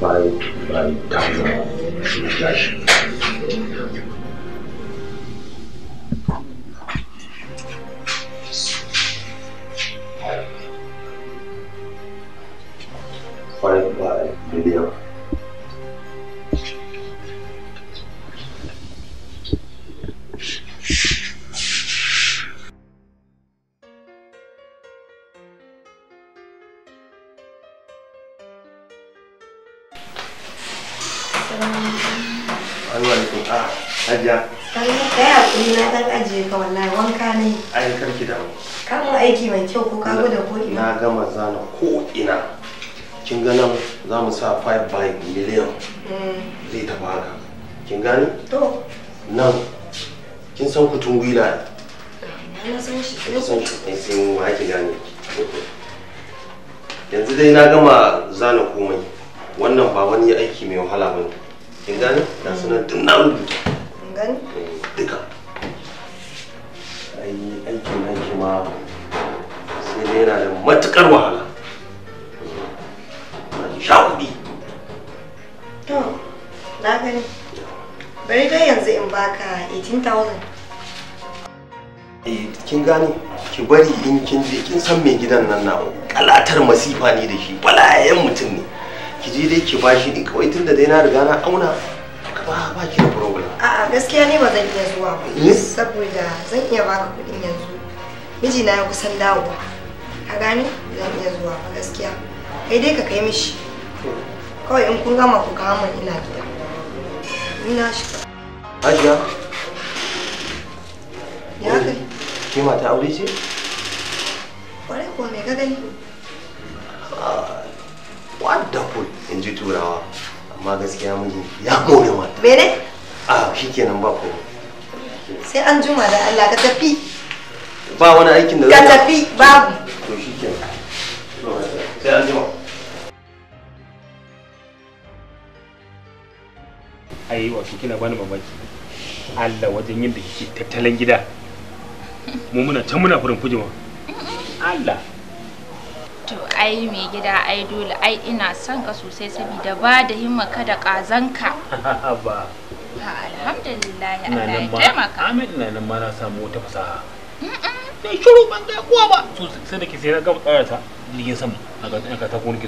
Bald, bald, Tausend, gleich. mun aiki mai kyau ko kago da ko ina na gama zana ko ina kin ga nan za mu sa 5 by million mm. zai ta baka kin gani to nan kin san kutun gwila ne na san shi na sai mu ki gani yanzu dai na gama zana komai wannan ba wani aiki mai wahala ba kin gani na sunan duk na rubuta kin gani eh, duka ai aikin aiki ma ne yana da matukar wahala sha kuɗi to na gani bari dai yanzu in baka 18,000 eh kin gane ki bari in kin je kin san mai gidan nan na kalatar masifa ne da shi balayen mutum ne ki je dai ki bashi ne kawai tunda dai na riga na auna ba ba ki da problem a'a gaskiya ne ba zan iya zuwa ba saboda zan iya baka kuɗin yanzu mijina ya kusan dawowa a gani zan iya zuwa ba gaskiya kai dai ka kai mishi kawai in kun gama ku kawo min ina gida ina shi hajiya ya kai ke mata aure ce kwarai kuwa me ka gani ah, wonderful in ji turawa amma gaskiya miji ya more mata mene a ah, shi kenan ba ko sai an juma da Allah ka tafi ba wani aikin da ka tafi babu to shi wato kina bani mamaki Allah wajen da kike tattalin gida mu muna can muna furin fujima Allah to ai mai gida ai dole ai ina son ka sosai saboda ba da himma ka da kazanka ba alhamdulillah Allah ya taimaka amin ina nan ma na samu wata fasaha na shiru ban ga kowa ba to sai da ke sai na gama tsara ta jirgin sama a ga ta ta kuma nake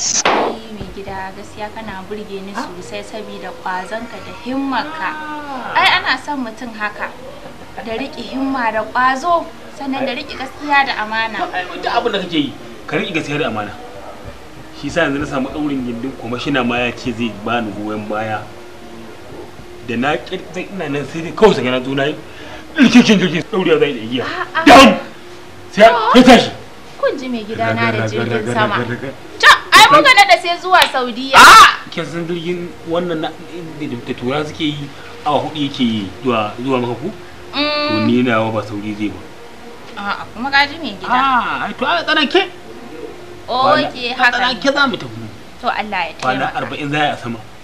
so in yi mai gida gaskiya kana burge ni sosai saboda ƙwazonka da himmarka ai ana son mutum haka da riƙe himma da ƙwazo sannan da riƙe gaskiya da amana duk abin da kake yi ka riƙe gaskiya da amana shi sa yanzu na samu ɗaurin gindin kuma kwamashina ma ya ce zai bani goyon baya da na ƙirƙir ina nan sai dai kawai sanya na zo yi ilkikin jirgin ɗaure zai da igiya down sai ya tashi kun ji mai gida na da jirgin sama can ai muka da sai zuwa saudiya a kin san jirgin wannan da tura suke yi awa hudu yake yi zuwa zuwa maka ku to ni na yawa ba sauri zai ba a'a kuma ka ji mai gida a to a tsanake oke haka tsanake za mu tafi to Allah ya taimaka kwana 40 za a sama